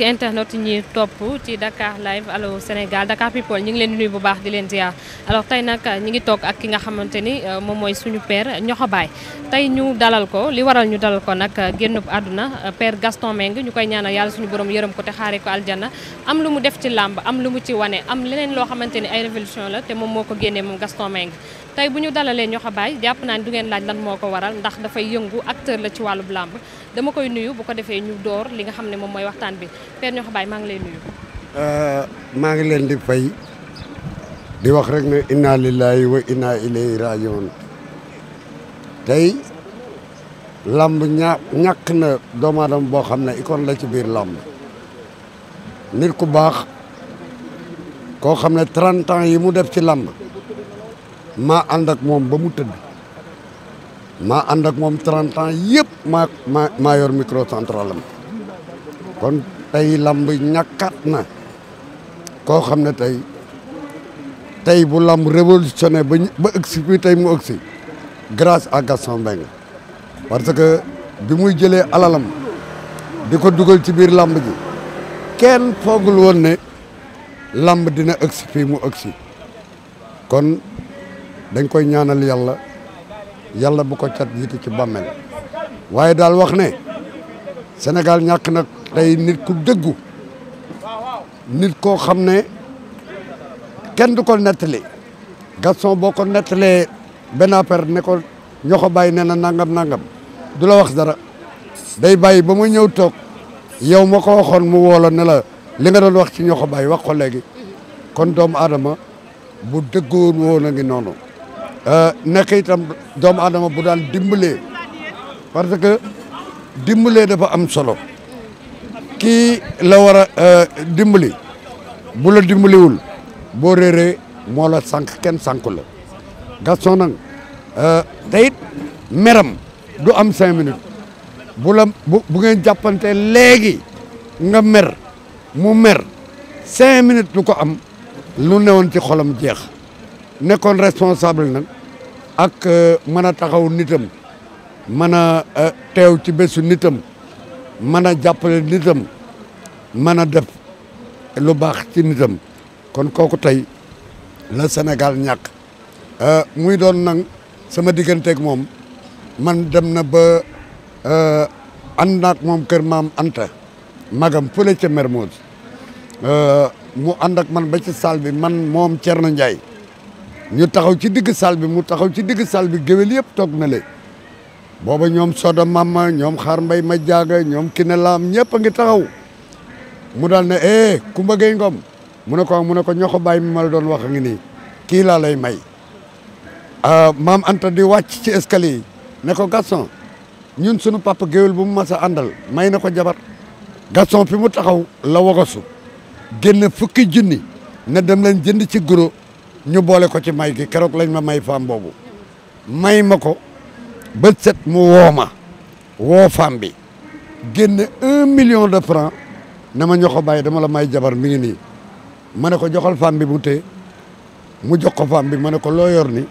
internet ñi topp ci Dakar live allo Sénégal Dakar people ñu ngi leen di bu baax di leen ziar alors tey nag ñi ngi toog ak ki nga xamante ni euh, moom mooy suñu père Ñoxo Baay tey ñu dalal ko li waral ñu dalal ko nag euh, génnub àdduna euh, père Gaston Mbengue ñu koy ñaanal yàlla suñu borom yërëm ko te xaaree ko aljana am lu mu def ci làmb am lu mu ci wane am leneen loo xamante ni ay révolution la te moom moo ko génnee moom Gaston Mbengue tey bu ñu dalalee ñoxabaay jàpp naa ni du ngeen laaj lan moo ko waral ndax dafay yëngu acteur la ci wàllu làmb dama koy nuyu bu ko defee ñu door li nga xam ne moom mooy waxtaan bi Père Niokhobaye maa ngi lay nuyu. Euh, maa ngi leen di fay di wax rek ne inna lillahi wa inna ilayhi rajiun tey làmb ña ñàkk na doomu aadama boo xam ne kon la ci biir làmb nit ku baax koo xam ne 30 ans yi mu def ci làmb maa ànd moom ba mu tëdd maa ànd moom 30 ans yëpp maa maa maa yor microcentral kon tey lamb ñàkkat na koo xam ne tey tey bu lamb révolutionné ba ba ëgsi bi tey mu ëgsi grâce à Gaston Mbengue parce que bi muy jëlee alalam di ko dugal ci biir lamb ji kenn foogul woon ne lamb dina ëgsi fii mu ëgsi kon dañ koy ñaanal yàlla yàlla bu ko ca yiti ci bàmmeel waaye daal wax ne Sénégal ñàkk na tey nit ku dëggu nit koo xam ne kenn du ko nettali Gaston boo ko nettalee benn affaire ne ko ñoo ko bàyyi nee na nangam nangam du la wax dara day bàyyi ba mu ñëw toog yow ma ko waxoon mu woola ne la li nga doon wax ci ñoo ko bàyyi wax ko léegi kon doomu aadama bu dëggoon woon a noonu Euh, nekk itam doomu aadama bu daal dimbalee parce que dimbalee dafa am solo kii la war a euh, dimbali bu la dimbaliwul boo réeree moo la sànq kenn sànq la Gaston nag euh, te it meram du am cinq minutes bu la bu bu ngeen jàppante léegi nga mer mu mer cinq minutes du ko am lu newoon ci jeex nekkoon responsable nag ak euh, mën a taxaw nitam mën a euh, teew ci bésu nitam mën a jàppale nitam mën a def lu baax ci nitam kon kooku tey la senegal ñàkk euh, muy doon nag sama digganteeg moom man dem na ba ànd naak moom kër maam Anta magam fële ca Mermoz mu ànd ak man ba ci salle man moom na Ndiaye ñu taxaw ci digg salle bi mu taxaw ci digg salle bi géwél yëpp toog na le booba ñoom Soda Mama ñoom Xaar Mbay ma jaaga ñoom Kinelaam ñëpp a ngi taxaw mu daal ne eh Kumba Gay Ngom mu ne ko mu ne ko ñoo bàyyi mi ma la doon wax a ngi nii kii laa lay may ah, maam Anta di wàcc ci escalier yi ne ko Gaston ñun sunu papa géwél bu mu mas a àndal may na ko jabar gason fi mu taxaw la wagasu génn fukki junni ne dem leen jënd ci guro ñu boole ko ci may gi keroog lañ ma may femme boobu may ma ko ba set mu woo ma woo femme bi génne un million de francs na ma ñoxo bàyyi dama la may jabar mi ngi nii ma ne ko joxal femme bi bu tee mu jox ko femme bi ma ne ko loo yor ni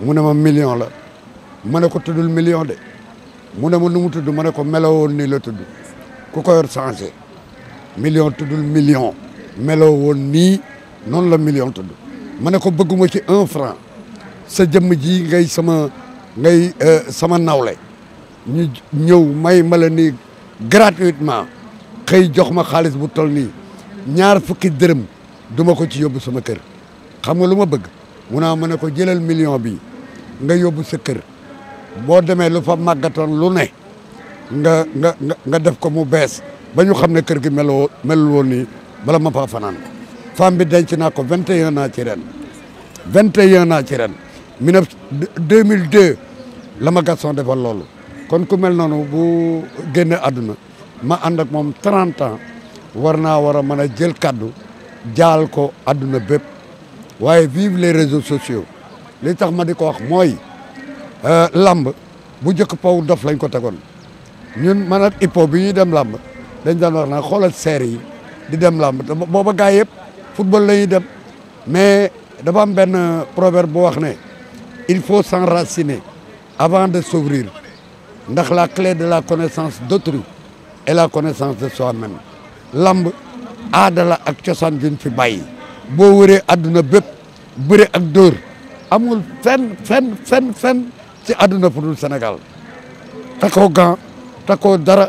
mu ne ma million la ma ne ko tuddul million de mu ne ma nu mu tudd ma ne ko meloo woon nii la tudd ku ko yor changé million tuddul million meloo woon nii noonu la million tudd ma ne ko bëgguma ci un franc sa jëmm ji ngay sama ngay euh, sama nawle ñu ñëw may ma la nii gratuitement xëy jox ma xaalis bu toll nii ñaar fukki dërëm duma ko ci yóbbu sama kër xam nga lu ma bëgg mu naa ma ne ko jëlal million bi nga yóbbu sa kër boo demee lu fa màggatoon lu ne nga nga nga def ko mu bees ba ñu xam ne kër gi meloo melul woon nii bala ma faa fanaan femme bi denc naa ko vingt 21 naa ci ren 21 naa ci ren 2002 la ma Gaston defal loolu kon ku mel noonu bu génne àdduna ma ànd ak moom 30 ans war naa war a mën a jël kaddu jaal ko àdduna bépp waaye vive les réseaux sociaux li tax ma di ko wax mooy euh, lamb bu njëkk paw dof lañ ko tegoon ñun man ak Ipo bi ñuy dem lamb dañ daan wax nag xoolal seer yi di dem lamb te booba gaay yëpp football la ñuy dem mais dafa am benn proverbe bu wax ne il faut s'enraciner avant de s'ouvrir ndax la clé de la connaissance d'autrui et la connaissance de soi-même lamb adala ak cosaan bi ñu fi bàyyi boo wëree adduna bépp bëre ak dóor amul fenn fenn fenn fenn ci adduna fu dul Sénégal takoo gant takoo dara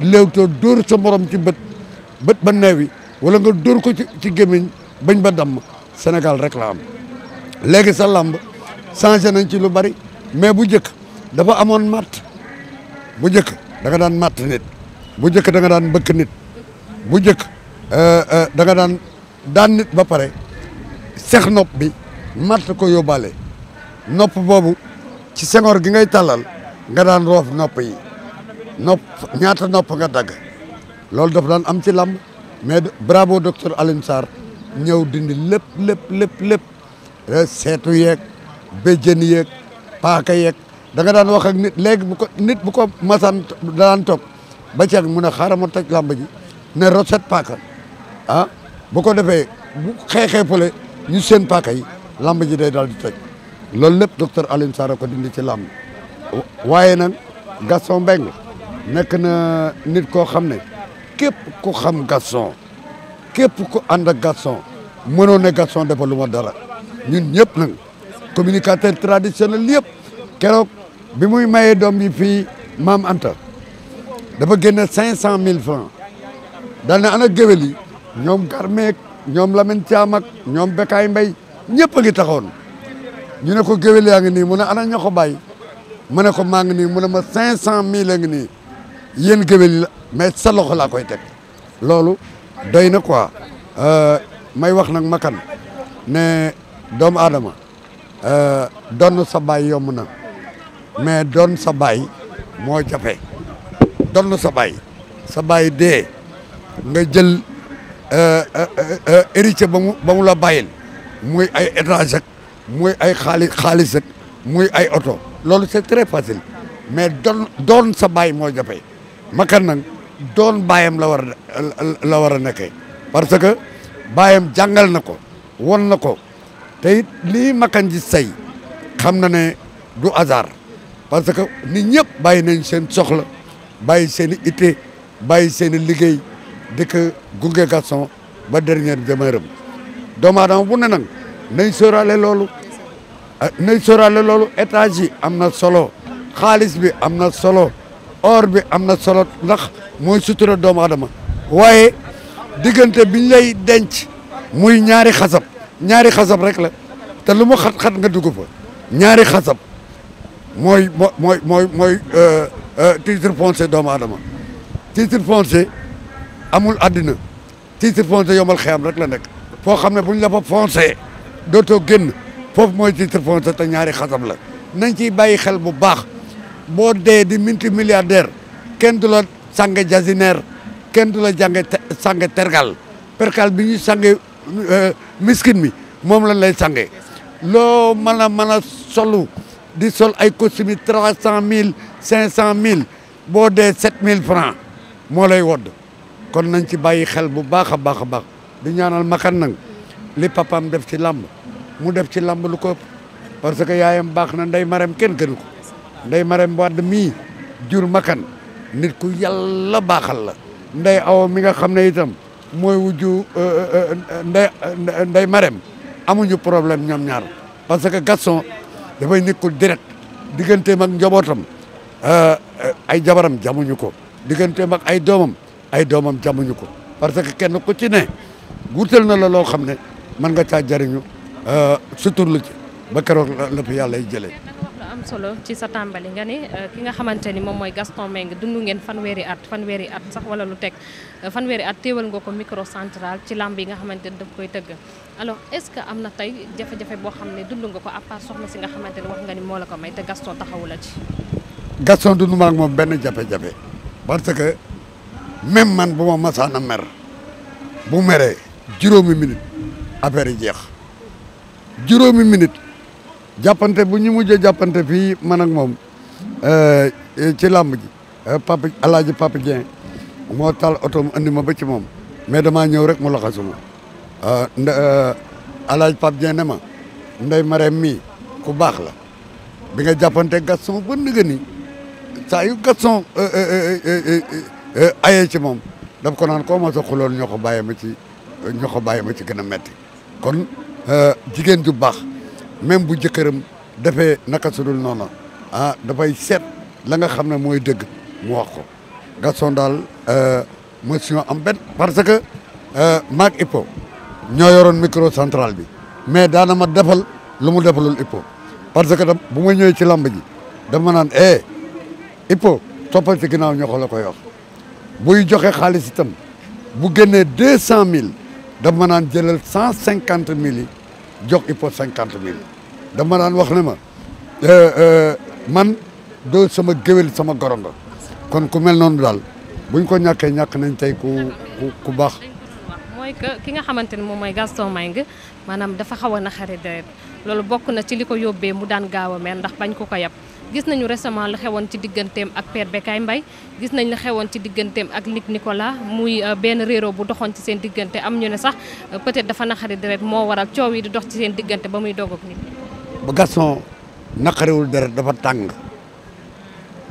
léewtoo dóor sa morom ci bët bët ba neewi wala nga dóor ko ci ci gémmiñ bañ ba damm Sénégal rek la am léegi sa làmb changé nañ ci lu bari mais bu njëkk dafa amoon matt bu njëkk da nga daan matt nit bu njëkk da nga daan bëkk nit bu njëkk euh, euh, da nga daan daan nit ba pare sex nopp bi matt ko yóbbaale nopp boobu ci sengoor gi ngay tàllal nga daan roof nopp nopp ñaata nopp nga dagg loolu dafa daan am ci làmb mais bravo docteur Alioune Sarr ñëw dindi lépp lépp lépp lépp eh, seetu yeeg béjjën yeeg paaka yeeg danga daan wax ak nit léegi bu ko nit bu ko masaan daan toog ba ceeb mu ne xaaral ma toj làmb ji ne roset paaka ah bu ko defee bu xeexee fële ñu seen paaka yi làmb ji day daal di toj loolu lépp docteur Alioune Sarr ko dindi ci làmb waaye nag Gaston Mbengue nekk na nit koo xam ne képp ku xam Gaston képp ko ànd ak Gaston mënoon ne Gaston dafa lu ma dara ñun ñëpp nag communicateur traditionnel yëpp kerook bi muy mayee doom bi fii maam Anta dafa génne cinq cent mille francs dan ne ana géwél yi ñoom Garmeek ñoom Lamine Thiam ak ñoom Bekaay Mbay ñëpp a ngi taxoon ñu ne ko géwél yaa ngi nii mu ne ana ñoo ko bàyyi mu ne ko maa ngi nii mu ne ma cinq cent mille a ngi nii yéen géwél yi la mais sa loxo laa koy teg loolu doy na quoi euh, may wax nag makan ne doomu aadama euh, doon sa baay yomb na mais doon sa baay moo jafe doon sa baay sa baay dee nga jël euh, héritier ba mu ba mu la bàyyil muy ay étage muy ay xaalis xaalis muy ay oto loolu c'est très facile mais doon doon sa baay moo jafe Makan nag doon baayam la war a la war a nekkee parce que baayam jàngal na ko won na ko tey it lii Makan ji say xam na ne du hasard parce que nit ñëpp bàyyi nañ seen soxla bàyyi seen i itte bàyyi seen liggéey dikk ko gunge Gaston ba dernière demeure am doomu aadama bu ne nag nay sóoraale loolu nay sóoraale loolu étage am na solo xaalis bi am na solo or bi am na solo ndax mooy sutura doomu adama waaye diggante biñ lay denc muy ñaari xasab ñaari xasab rek la te lu mu xat-xat nga dugg fa ñaari xasab mooy mooy mooy mooy euh, euh, titre foncier doomu adama titre foncier amul àddina titre foncier yombal xeyam rek la nekk foo xam ne buñ la fa foncé dootoo génn foofu mooy titre foncier te ñaari xasab la nañ ci bàyyi xel bu baax boo dee di minti milliardaire kenn du la sànge jasinaire kenn du la jànge sange tergal perkal bi ñu sange euh, miskin mi moom lañ lay sange loo mën a mën a solu di sol ay costume yi trois cent mille cinq cent mille boo dee sept mille francs moo lay wodd kon nañ ci bàyyi xel bu baax a baax a baax di ñaanal makan nag li papaam def ci làmb mu def ci làmb lu ko parce que yaayam baax na ndey maram kenn gënu ko nday Marème Wade mii jur makan nit ku yàlla baaxal la nday aw mi nga xam ne itam mooy wujju euh, euh, euh, nday nday Marème amuñu problème ñoom ñaar parce que Gaston dafay nit ku direct digganteem ak njabootam ay jabaram jamuñu ko digganteem ak ay doomam ay doomam jamuñu ko parce que kenn ku ci ne wutal na la loo xam ne mën nga caa jariñu suturlu ci ba keroog la fi yàlla jëlee solo ci sa tàmbali nga ne euh, ki nga xamante ni moom mooy Gaston Mbengue dund ngeen fanweeri at fanweeri at sax wala lu teg euh, fanweeri at téewal nga ko micro central ci làmb yi nga xamante ni daf koy tëgg alors est-ce que am na tey jafe-jafe boo xam ne dund nga ko à part soxna si nga xamante ni wax nga ni moo la ko may te Gaston taxawu la ci. Gaston dund ma ak moom benn jafe-jafe parce que même man bu ma masaana mer bu meree juróomi minute affaire yi jeex juróomi minute. jàppante bu ñu mujjee jàppante fii man ak moom euh, ci làmb ji euh, papa alaaji papa Dieng moo taal oto mu andi ma ba ci moom mais damaa ñëw rek mu laxasuma euh, alaaji papa Dieng ne ma nday mareem mii ku baax la bi nga jàppante Gaston ba nga ni saa yu Gaston ayee ci moom daf ko naan koo ma sa xuloon ñoo ko bàyyee ma ci ñoo ko bàyyee ma ci gën a metti kon jigéen ju baax même bu jëkkëram dafee naka sudul noonu ah dafay seet la nga xam ne mooy dëgg mu wax ko Gaston daal euh, motion am benn parce que euh, maag Hippo ñoo yoroon micro central bi mais daana ma defal lu mu defalul ipo parce que tam bu ma ñëwee ci lamb ji dama naan eh Hippo toppal ci ginnaaw ñoo ko la koy wax buy joxe xaalis itam bu génnee deux cent mille dama naan jëlal cent cinquante mille jox IPOS cinquante mil dama daan wax ne ma eh, eh, man doo sama géwél sama goronga kon ku mel noonu daal buñ ko ñàkkee ñàkk nañ tey ku ku baax. mooy ki nga xamante ne moom mooy Gaston Mbengue maanaam dafa xaw a naxari deret loolu bokk na ci li ko yóbbee mu daan gaaw a mer ndax bañ ko ko yab. gis nañu récemment lu xewoon ci digganteem ak Père Bécaye mbay gis nañ xewoon ci digganteem ak Luc Nicolas muy euh, benn réeroo bu doxoon ci seen diggante am ñu ne sax euh, peut-être dafa naqari deret moo waral coow yi di dox ci seen diggante ba muy doog ak nit ba Gaston naqariwul deret dafa tàng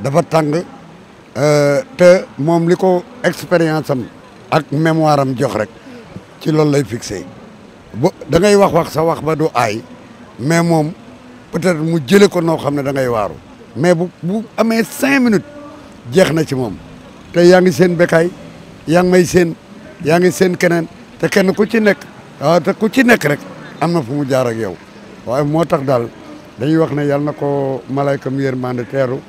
dafa tàng euh, te moom li ko expérience am ak mémoire am jox rek ci loolu lay fixé bu da ngay wax wax sa wax ba du aay mais moom peut-être mu jëlee ko noo xam ne da ngay waaru mais bu bu amee cinq minutes jeex na ci moom te yaa ngi seen bekkaay yaa ngi may seen yaa ngi seen keneen te kenn ku ci nekk waaw te ku ci nekk rek am na fu mu jaar ak yow waaye moo tax daal dañuy wax ne yàlla na ko malayka mi yërmande teeru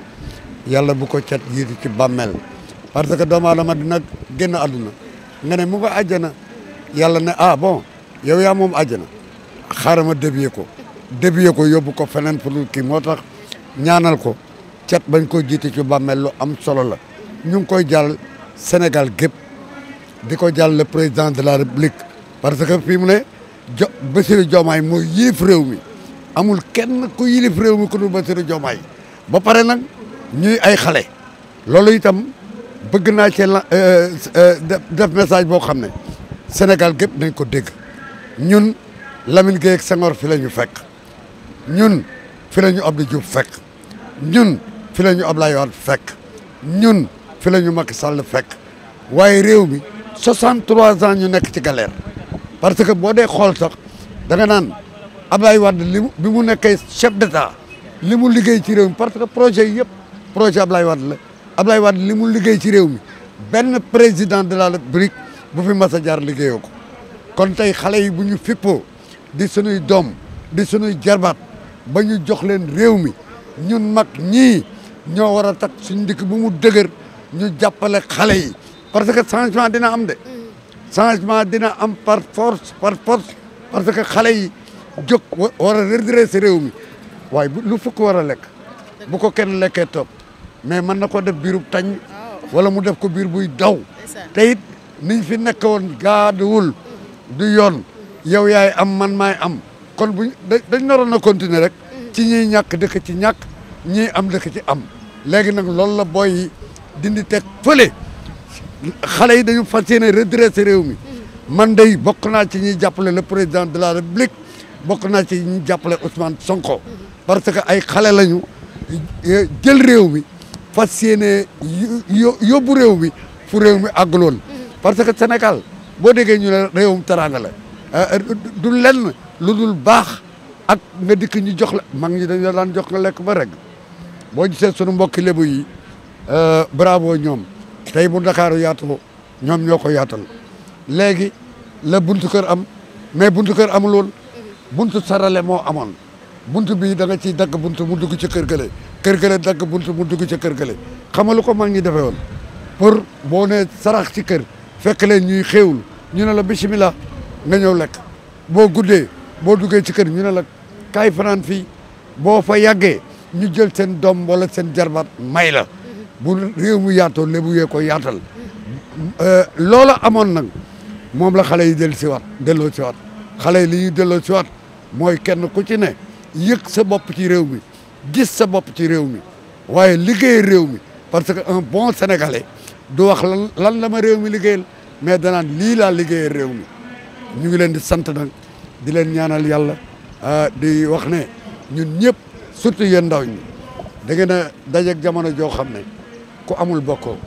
yàlla bu ko cat jiitu ci bàmmeel parce que doomu aadama dina génn àdduna nga ne mu nga àjjana yàlla ne ah bon yow yaa moom àjjana xaaral ma débier ko débier ko yóbbu ko feneen pour kii moo tax ñaanal ko cet bañ koy jiite ci bàmmeel lu am solo la ñu ngi koy jàll Sénégal gépp di ko jàll le président de la République parce que fi mu ne jo Bassirou Diomaye mooy yilif réew mi amul kenn ku yilif réew mi ku dul Bassirou Diomaye ba pare nag ñuy ay xale loolu itam bëgg naa cee euh, euh, def message boo xam ne Sénégal gépp dañ ko dégg ñun Lamine Gueye ak Senghor fi la ñu fekk ñun fi la ñu Abdou fekk ñun fi la ñu Ablaye Wade fekk ñun fi la ñu Macky Sall fekk waaye réew mi 63 ans ñu nekk ci galère parce que boo dee xool danga naan nga naan Ablaye Wade li bi mu nekkee de d'état li mu liggéey ci réew parce que projet yëpp projet Ablaye Wade la Ablaye Wade li mu liggéey ci réew mi benn président de la République bu fi mas a jaar liggéeyoo ko kon tey xale yi bu ñu fippoo di suñuy doom di suñuy jarbaat ba ñu jox leen réew mi ñun mag ñii ñoo war a tax suñ dikk bu mu dëgër ñu jàppale xale yi parce que changement dina am de mm. changement dina am par force par force parce que xale yi jóg war a redresser réew mi waaye lu fukk war a lekk bu ko kenn lekkee topp mais mën na ko def biirub tañ oh. wala mu def ko biir buy daw te it niñ fi nekk woon gaaduwul du yoon mm. yow yaay am man maay am kon buñ dañ naroon a rek ci ñiy ñàkk dëkk ci ñàkk ñiy am dëkk ci am léegi nag loolu la booy dindi teg fële xale yi dañu fas yéene redressé réew mi man day bokk naa ci ñuy jàppale le président de la république bokk naa ci ñuy jàppale Ousmane Sonko parce que ay xale lañu jël réew mi fas yéene yóbbu réew mi fu réew mi àgguloon parce que Sénégal boo degee ñu ne réewum teraanga la euh, du len lu dul baax ak nga dikk ñu jox la mag ñi dañ la daan jox nga lekk ba rek boo gisee sunu mbokki lebu yi euh, bravo ñoom tey bu ndakaaru yaatoo ñoom ñoo ko yaatal léegi la buntu kër am mais buntu kër amuloon buntu sarale moo amoon buntu bii da nga ciy dagg buntu mu dugg ci kër gële kër gële dagg buntu mu dugg ci kër gële xamalu ko man ñi defee woon boo nee sarax ci kër fekk leen ñuy xéewul ñu ne la bisimilah nga ñëw lekk boo guddee boo duggee ci kër ñu ne la kaay fanaan fii boo fa yàggee ñu jël seen doom wala seen jarbat may la bu réew mu yaatoo lébu yee ko yaatal euh, loola amoon nag moom la xale yi del si delloo si waat xale yi li ñuy delloo si waat mooy kenn ku ci ne yëg sa bopp ci réew mi gis sa bopp ci réew mi waaye liggéey réew mi parce que un bon sénégalais du wax lan lan la ma réew mi liggéeyal mais danaan lii laa liggéeyal réew mi ñu ngi leen di sant nag di leen ñaanal yàlla Ah, di wax ne ñun ñëpp surtout yéen ndaw ñi da ngeen a dajeeg jamono joo xam ne ku amul bokkoo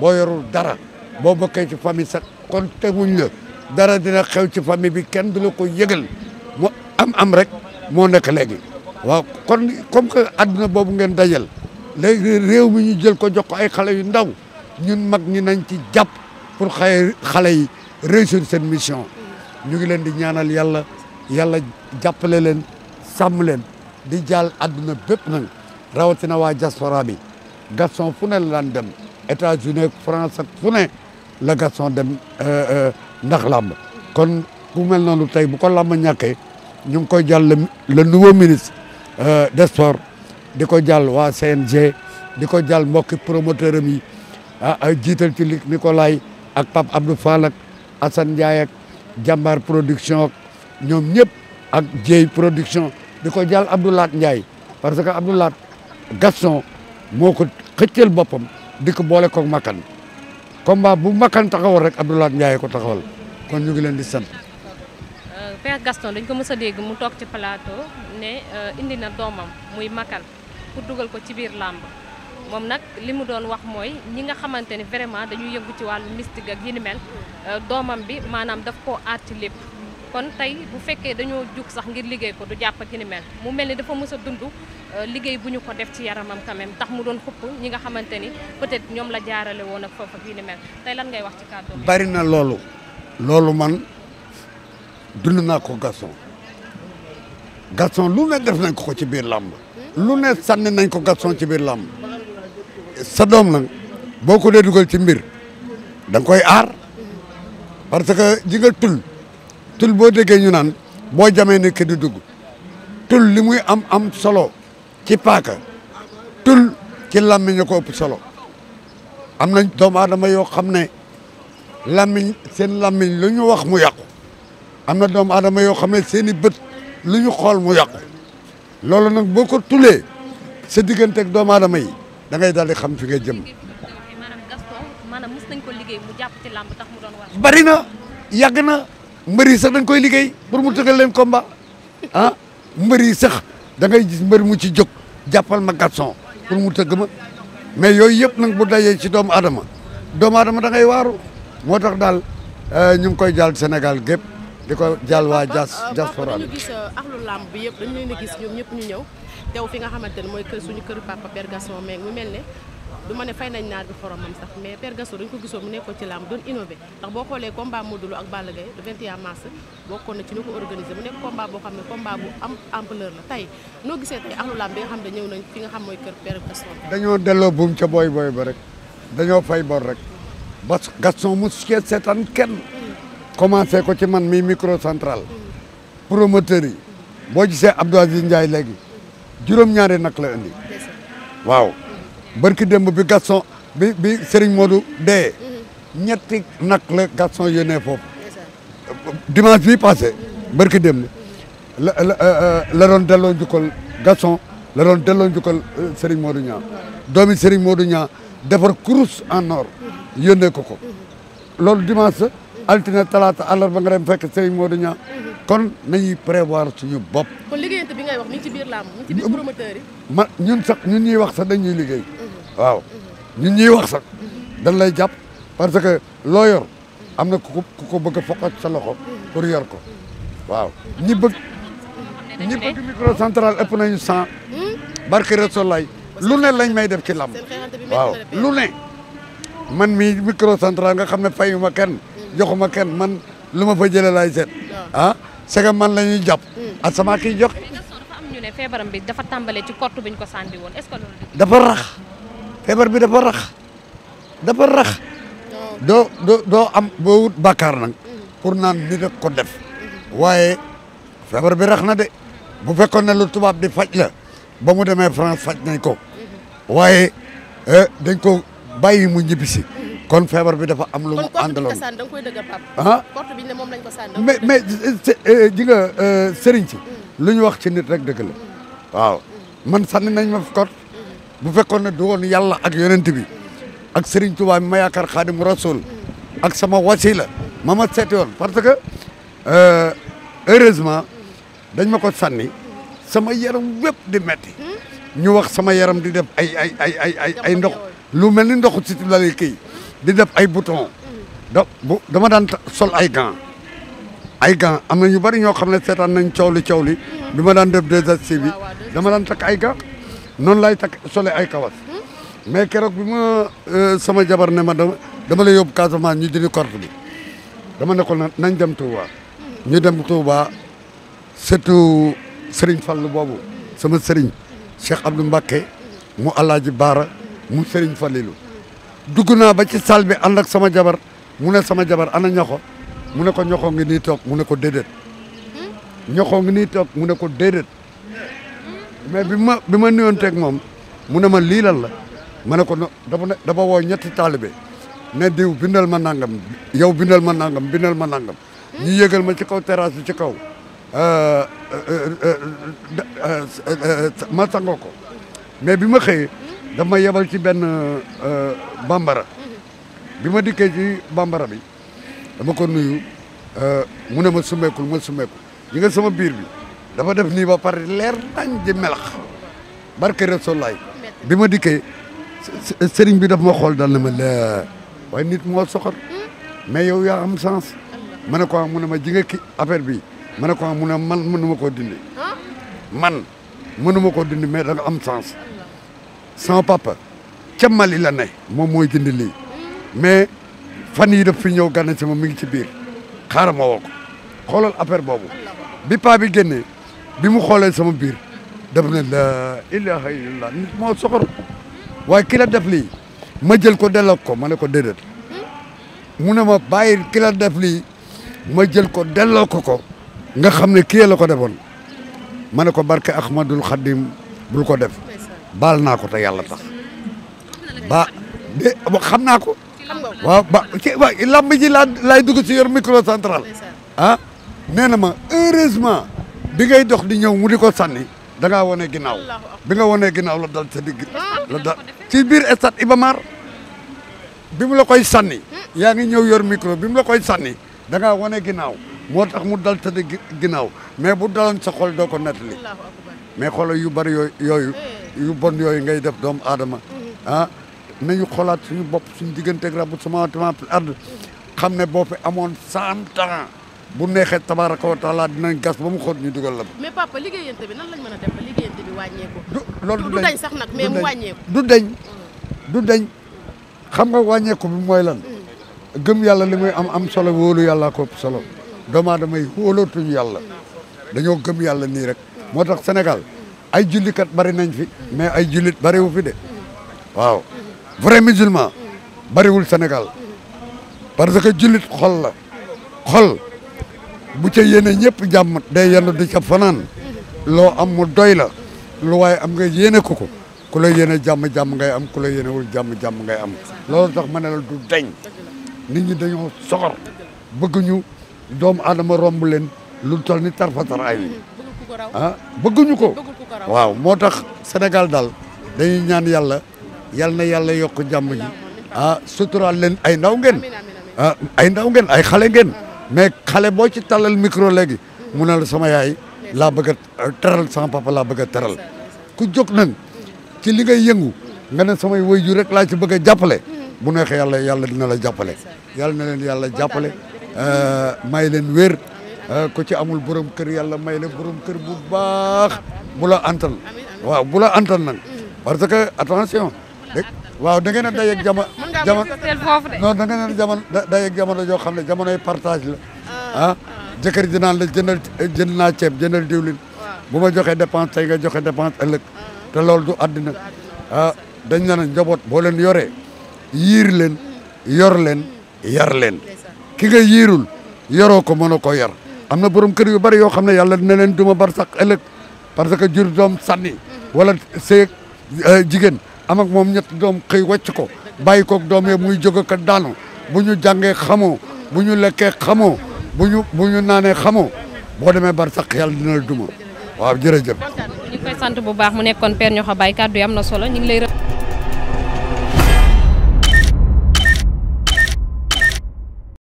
boo yorul dara boo bokkee ci famille sax kon teguñ la dara dina xew ci famille bi kenn du la ko yëgal mu am am rek moo nekk léegi waaw kon comme que àdduna boobu ngeen dajal léegi réew mi ñu jël ko jox ko ay xale yu ndaw ñun mag ñi nañ ci jàpp pour xay xale yi réussir seen mission ñu ngi leen di ñaanal yàlla yàlla jàppale leen sàmm leen di jaal àdduna bépp nag rawatina waa diaspora bi Gaston fu ne la daan dem États-Unis ak France ak la gason dem euh, euh, ndax làmb kon ku mel noonu tey bu ko làmb ñàkkee ñu ngi koy jàll le nouveau ministre euh, des sports di ko jàll waa CNG di ko jàll mbokki promoteur am yi ah jiital ci Luc Nicolaï ak Pape Abdou Fall ak Assane Ndiaye ak Jambar production ñoom ñëpp ak Dieye production di ko jàll Abdoulaat Ndiaye parce que Abdoulaat Gaston moo ko xëcceel boppam di ko boole koog Makan combat bu Makan taxawal rek Abdoulaat Ndiaye ko taxawal kon ñu ngi leen di sant. Euh, Père Gaston dañ ko mës a dégg mu toog ci plateau ne euh, indi na doomam muy Makan pour dugal ko ci biir làmb moom nag li mu doon wax mooy ñi nga xamante ni vraiment dañuy yëngu ci wàll mystique ak yi ni mel euh, doomam bi maanaam daf ko aar lépp. kon tey bu fekkee dañoo jug sax ngir liggéey ko du jàpp ak ni mel mu mel ni dafa mës a dund euh, liggéey bu ñu ko def ci yaramam quand même tax mu doon xupp ñi nga xamante ni peut-être ñoom la jaarale woon ak foofu ak ni mel tey lan ngay wax ci kàddu bari na loolu loolu man dund naa ko Gaston Gaston lu ne def nañ ko ko ci biir làmb lu ne sànni nañ ko Gaston ci biir làmb sa doom nag boo ko dee dugal ci mbir da nga koy aar parce que ji nga tul boo déggee ñu naan boo jamee ni du dugg tul li muy am am solo ci paaka tul ci làmmiñ ko ëpp solo am na doomu adama yoo xam ne làmmiñ seen làmmiñ lu ñu wax mu yàqu am na doomu adama yoo xam ne seen bët lu ñu xool mu yàqu loolu nag boo ko tulee sa digganteek ak doomu aadama yi dangay ngay daal di xam fi nga jëm. maanaam bari na yàgg na. mbër yi sax dañ koy liggéey pour mu tëgal leen combat ah mbër yi sax da ngay gis mbër mu ci jóg jàppal ma Gaston pour mu tëgg ma mais yooyu yëpp nag bu dajee ci doomu adama doomu adama da ngay waaru moo tax daal euh, ñu ngi koy jàll Sénégal gépp di ko jàll waa jas diaspora bi gis euh, axlu làmb bi yëpp dañu ñëpp ñu ñëw teew fi nga xamante ne mooy kër suñu kër papa Père Gaston Mbengue mu mel ne du ma ne fay nañ naar bi xoromam sax mais Père Gaston dañ ko gisoon mu nekkoon ci làmb doon innové ndax boo xoolee combat Modou Lo ak Balla Gaye na ci mu nekk combat boo xam ne combat bu am ampleur la tey noo gisee tey ahlu xam ne ñëw nañ fi nga xam mooy kër dañoo delloo buum ca booy booy ba rek dañoo fay bor rek ba Gaston mu cee seetaan kenn commencé ko ci man mi micro central promoteur yi boo gisee Abdou Aziz Ndiaye léegi juróom-ñaari nag la indi waaw barki démb bi Gaston bi bi Serigne Modou dee ñetti nag la Gaston yónnee foofu dimanche bii passé bërki démb la euh, euh, la doon delloo njukkal Gaston la doon delloo njukkal euh, Serigne Modou Niang doomi Serigne Modou Niang defar kurus en or yónnee ko ko loolu dimanche altine talaata àllarba nga dem fekk Serigne Modou Niang kon nañuy prévoir suñu bop kon ma ñun sax ñun ñuy wax sax dañuy liggéey. waaw ñun ñuy wax sax dañ lay jàpp parce que loo yor am na ku ko bëgg a foqat sa loxo pour yor ko waaw ñi bëgg ñi bëgg micro central ëpp nañu cent barki Rasoulaay lu ne lañ may def ci làmb waaw lu ne man mii micro nga xam ne fayuma kenn joxuma kenn man lu ma fa jëlee laay seet ah sega man la ñuy jàpp ak ah, sama kiy jox. dafa bi dafa tàmbalee ci kott bi ko sànni woon est-ce que loolu. dafa rax. feebar bi dafa rax dafa rax doo doo am boo wut bàkkaar nag pour naan ni da ko def waaye feebar bi rax na de bu fekkoon ne lu tubaab di faj la ba mu demee France faj nañ ko waaye eh, dañ ko bàyyi mu ñibbisi kon feebar bi dafa am lu mu àndaloon ah mais mais eh, eh, ji nga sëriñ si lu ñu wax ci nit rek dëgg la mm. waaw man sànni nañ ma fi kot bu fekkoon ne du woon yàlla ak yonent bi ak Serigne Touba mi ma yaakaar xaadim rasul ak sama wasila ma ma seeti yoon parce que euh, heureusement dañ ma ko sànni sama yaram wépp di metti ñu wax sama yaram di def ay ay ay ay ay ay ndox lu mel ni ndoxu si lale kii di def ay bouton da bu dama daan sol ay gants ay gants am na ñu bari ñoo xam ne seetaan nañ coow li coow li bi ma daan def des bi dama daan takk ay gants noonu laay takk sole ay kawas mais keroog bi ma euh, sama jabar ne ma dama dama lay yóbbu Casamance ñu dindi corde bi dama ne ko nañ dem Touba ñu dem Touba surtout Serigne Fallou boobu sama Serigne Cheikh Abdou Mbacké mu Alaaji Baara mu seriñ fal Fallilou dugg naa ba ci salle bi ànd ak sama jabar mu ne sama jabar ana ñoxo mu ne ko ñoxo ngi nii toog mu ne ko déedéet hmm? ñoxo ngi nii toog mu ne ko déedéet mais bi ma bi ma nuyoon teg moom mu ne ma lii la ma ne ko dafa dafa woo ñetti taalibe ne diw bindal ma nangam yow bindal ma nangam bindal ma nangam ñu yëgal ma ci kaw terrasse bi ci kaw euh, euh, euh, ma sangoo ko mais bi ma xëyee daf ma yebal ci benn bambara bi ma dikkee ci bambara bi dama ko nuyu mu ne ma sumeekul ma sumeekul ñi nga sama biir bi dafa def nii ba pare leer nañ di melax barke Rasulaay bi ma dikkee sëriñ bi daf ma xool dal na ma la waaye nit moo soxor mais yow yaa am sens ma ne ko ah, mu ne ma ji nga affaire bi ma ne ko ah, mu ne man mënu ma koo dindi ah? man mënu ma koo dindi mais da nga am sens sama papa ca Mali la ne moom mooy dindi lii hmm. mais fan yi daf fi ñëw gànna si ma mi ngi ci biir xaaral ma woo ko xoolal affaire boobu bi paa bi génnee bi mu xoolee sama biir daf ne la ilaha illallah moo soxor waaye ki la def lii ma jël ko delloo ko ma ne ko déedéet mu ne ma bàyyi ki la def lii ma jël ko delloo ko ko nga xam ne kii la ko defoon ma ne ko barke Ahmadul Xadim bul ko def baal naa ko te yàlla tax ba de xam naa ko waaw ba ci waaw lamb ji laa laay dugg ci yor micro central ah nee na ma heureusement bi ngay dox di ñëw mu di ko sànni da ngaa wane ginnaaw bi nga wane ginnaaw la dal sa digg ah, ah, la dal ci biir stade Iba Mar bi mu la koy sànni hmm. yaa ngi ñëw yor micro bi mu la koy sànni da ngaa wane ginnaaw moo tax mu dal sa digg ginnaaw mais bu daloon sa xol doo ko nettali mais xoolal yu bari yooyu yooyu eh. yu bon yooyu ngay def doomu aadama hmm. ah nañu xoolaat suñu bopp suñu digganteeg rabu sama ard hmm. xam ne boo amoon cent ans bu neexee tabaaraka wa taala dinañ gas ba mu xóot ñu dugal la. mais papa liggéeyante bi nan lañ mën a def ba liggéeyante bi wàññeeku. du loolu du dañ sax nag mais mu wàññeeku. du dañ mm. du dañ xam nga wàññeeku bi mooy lan. Mm. gëm yàlla li muy am am solo wóolu yàlla ko solo mm. doomu aadama yi wóolootuñu yàlla dañoo gëm yàlla nii rek moo tax Sénégal ay jullikat bari nañ fi mais ay jullit bariwu fi de waaw vrai musulman bariwul Sénégal parce que jullit xol la xol. bu ca yéene ñëpp jàmm day yàlla di ca fanaan loo am mu doy la lu waaye am nga yéene ku ko ku la yéene jàmm-jàmm ngay am ku la yéenewul jàmm-jàmm ngay am loolu tax ma ne la du deñ nit ñi dañoo soxor bëgguñu doomu aadama romb leen lu toll ni tarfatar ay ni ah bëgguñu ko waaw moo tax Sénégal daal dañuy ñaan yàlla yal na yàlla yokk jàmm ji ah suturaal leen ay ndaw ngeen ah ay ndaw ngeen ay xale ngeen mais xale boo ci tàllal micro léegi mu ne la sama yaay laa bëgg a teral sama papa laa bëgg teral ku jóg nag ci li ngay yëngu nga ne samay waajur rek laa ci bëgg a jàppale bu neexee yàlla yàlla dina la jàppale yàlla na yàlla jàppale euh, may leen wér euh, ku ci amul borom kër yàlla may la borom kër bu baax bu la antal waaw bu la antal nag parce que attention waaw da ngeen a dayeeg jamono jamono non da ngeen a jamono dayeeg jamono joo xam ne jamonoy partage la ah, ah, ah jëkkër ji naan la jëndal jënd naa ceeb jëndal diwlin bu ma joxe dépense tey nga joxe dépense ëllëg ah. te loolu du àddina ah dañ na ne njaboot boo leen yoree yiir leen mm. yor leen mm. yar leen kii nga yiirul yoroo ko mënoo ko yar mm. am na borom kër yu bari yoo xam ne yàlla dina leen duma bar sax ëllëg parce que jur doom sanni wala seeg eh, jigéen am ak moom ñett doom xëy wàcc ko bàyyi koog doom yee muy jóg ak daanu bu ñu jàngee xamoo bu ñu lekkee xamoo bu ñu bu ñu naanee xamoo boo demee bar sax yàlla dina la duma waaw jërëjëf. ñu koy sant bu baax mu nekkoon Père Niokhobaye kàddu yi am na solo ñu ngi lay.